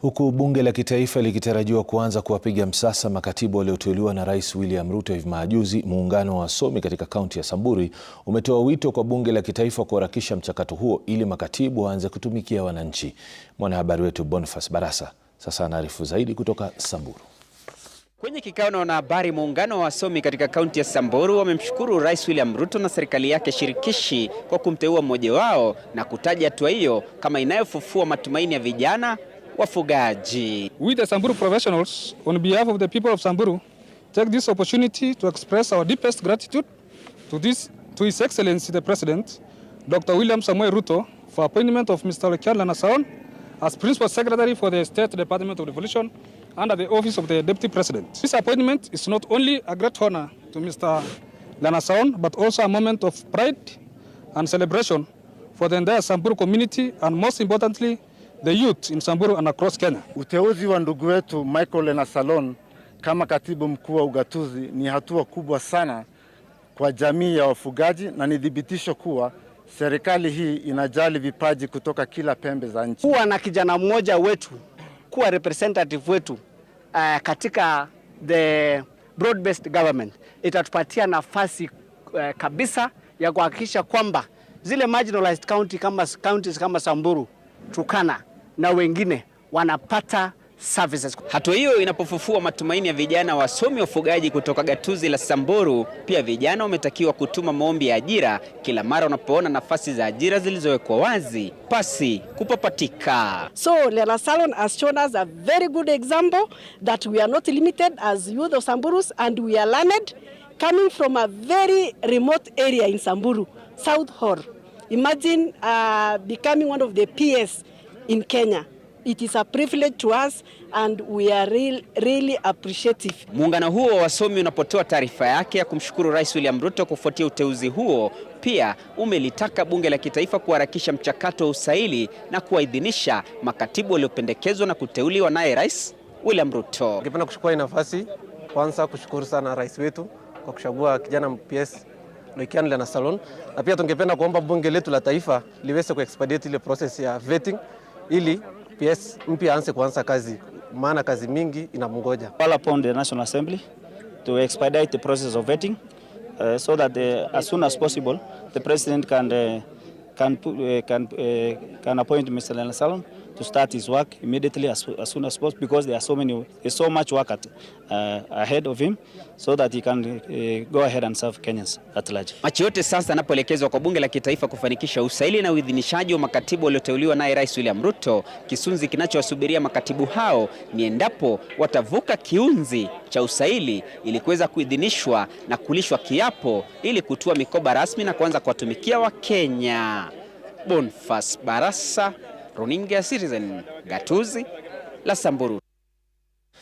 Huku bunge la kitaifa likitarajiwa kuanza kuwapiga msasa makatibu walioteuliwa na Rais William Ruto hivi majuzi, muungano wa wasomi katika kaunti ya Samburu umetoa wito kwa bunge la kitaifa kuharakisha mchakato huo ili makatibu waanze kutumikia wananchi. Mwanahabari wetu Boniface Barasa sasa anaarifu zaidi kutoka Samburu. Kwenye kikao na wanahabari, muungano wa wasomi katika kaunti ya Samburu wamemshukuru Rais William Ruto na serikali yake shirikishi kwa kumteua mmoja wao na kutaja hatua hiyo kama inayofufua matumaini ya vijana wafugaji. We the Samburu professionals on behalf of the people of Samburu take this opportunity to express our deepest gratitude to this to His Excellency the President Dr. William Samuel Ruto for appointment of Mr. Lekian Lanasaon as Principal Secretary for the State Department of revolution under the office of the Deputy President. This appointment is not only a great honor to Mr. Lanasaon, but also a moment of pride and celebration for the entire Samburu community and most importantly, the youth in Samburu and across Kenya. Uteuzi wa ndugu wetu Michael Enasalon kama katibu mkuu wa ugatuzi ni hatua kubwa sana kwa jamii ya wafugaji na ni thibitisho kuwa serikali hii inajali vipaji kutoka kila pembe za nchi. Kuwa na kijana mmoja wetu kuwa representative wetu uh, katika the broad based government itatupatia nafasi uh, kabisa ya kuhakikisha kwamba zile marginalized county kama counties kama Samburu, Turkana na wengine wanapata services. Hatua hiyo inapofufua matumaini ya vijana wasomi wafugaji kutoka gatuzi la Samburu. Pia vijana wametakiwa kutuma maombi ya ajira kila mara wanapoona nafasi za ajira zilizowekwa wazi pasi kupapatika. So Learner Salon has shown us a very good example that we are not limited as youth of Samburus and we are learned coming from a very remote area in Samburu, South Hor. Imagine uh, becoming one of the PS in Kenya. It is a privilege to us and we are real, really appreciative. Muungano huo wa wasomi unapotoa taarifa yake ya kumshukuru Rais William Ruto kufuatia uteuzi huo, pia umelitaka bunge la kitaifa kuharakisha mchakato wa usaili na kuwaidhinisha makatibu waliopendekezwa na kuteuliwa naye Rais William Ruto. Ningependa kuchukua hii nafasi kwanza kushukuru sana rais wetu kwa kuchagua kijana mps Loikian Lena Salon, na pia tungependa kuomba bunge letu la taifa liweze kuexpedite ile process ya vetting ili PS mpya aanze kuanza kazi, maana kazi mingi inamngoja. Call upon the National Assembly to expedite the process of vetting uh, so that uh, as soon as possible the president can uh, can uh, can, uh, can appoint Mr. Lenasalon to start his work immediately as, as soon as possible because there are so many there's so much work at, uh, ahead of him so that he can uh, go ahead and serve Kenyans at large. Macho yote sasa anapoelekezwa kwa bunge la kitaifa kufanikisha usaili na uidhinishaji wa makatibu walioteuliwa naye Rais William Ruto, kisunzi kinachowasubiria makatibu hao ni endapo watavuka kiunzi cha usaili ili kuweza kuidhinishwa na kulishwa kiapo ili kutua mikoba rasmi na kuanza kuwatumikia Wakenya. Bonfas Barasa runinga ya Citizen, gatuzi la Samburu.